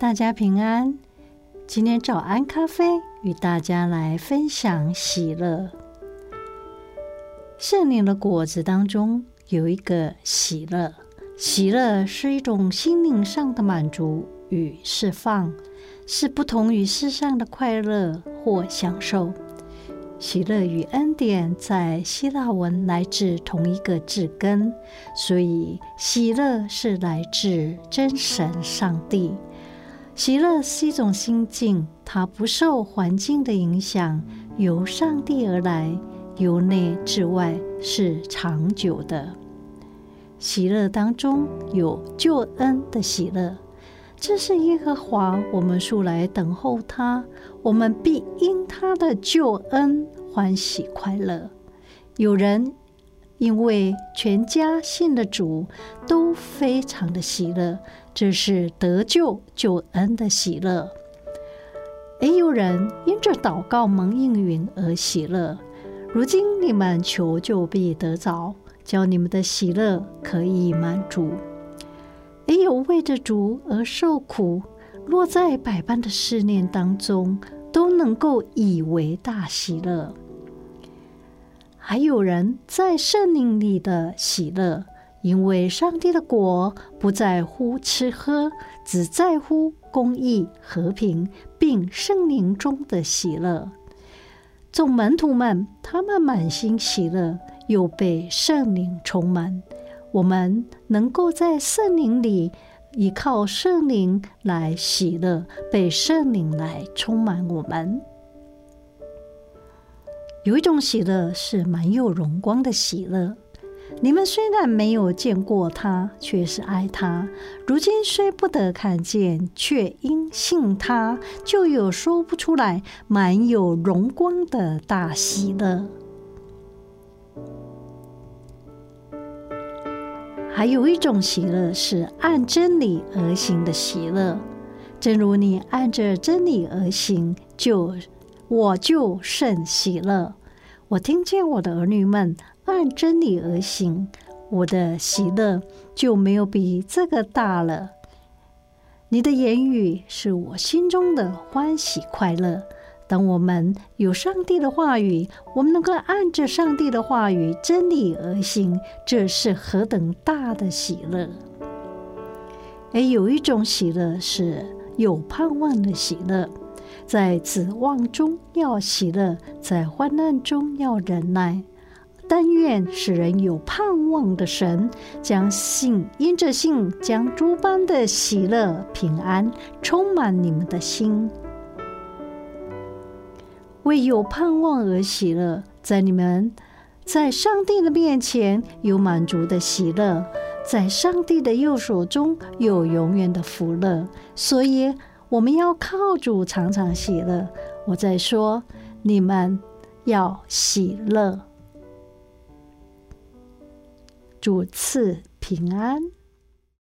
大家平安。今天早安咖啡與大家來分享喜樂。聖靈的果子當中有一個喜樂，喜樂是一種心靈上的滿足與釋放，是不同於世上的快樂或享受。喜樂與恩典在希臘文來自同一個字根，所以喜樂是來自真神上帝。喜樂是一種心境，它不受環境的影響，由上帝而來，由內至外是長久的。喜樂當中有救恩的喜樂，這是耶和華，我們素來等候他，我們必因他的救恩歡喜快樂。有人，因為全家信的主，都非常的喜樂，這是得救救恩的喜樂。也有人因著禱告蒙應允而喜樂。如今你們求，就必得著，叫你們的喜樂可以滿足。也有為着主而受苦，落在百般的試煉當中，都能夠以為大喜樂。還有人在聖靈裡的喜樂，因為上帝的國不在乎吃喝，只在乎公義和平，並聖靈中的喜樂。眾門徒們，他們滿心喜樂，又被聖靈充滿。我們能夠在聖靈裡依靠聖靈來喜樂，被聖靈來充滿我們。有一種喜樂是滿有榮光的喜樂，你們雖然沒有見過他，卻是愛他。如今雖不得看見，卻因信他，就有說不出來滿有榮光的大喜樂。還有一種喜樂是按真理而行的喜樂，正如你按着真理而行，就，我就甚喜樂，我聽見我的兒女們按真理而行，我的喜樂就沒有比這個大了。你的言語是我心中的歡喜快樂。當我們有上帝的話語，我們能夠按着上帝的話語真理而行，這是何等大的喜樂！哎，有一種喜樂是有盼望的喜樂。在指望中要喜樂，在患難中要忍耐。但願使人有盼望的神，將信因着信，將諸般的喜樂平安充滿你們的心。為有盼望而喜樂，在你們在上帝的面前有滿足的喜樂，在上帝的右手中有永遠的福樂。所以。我們要靠主常常喜樂。我再說，你們要喜樂。主賜平安。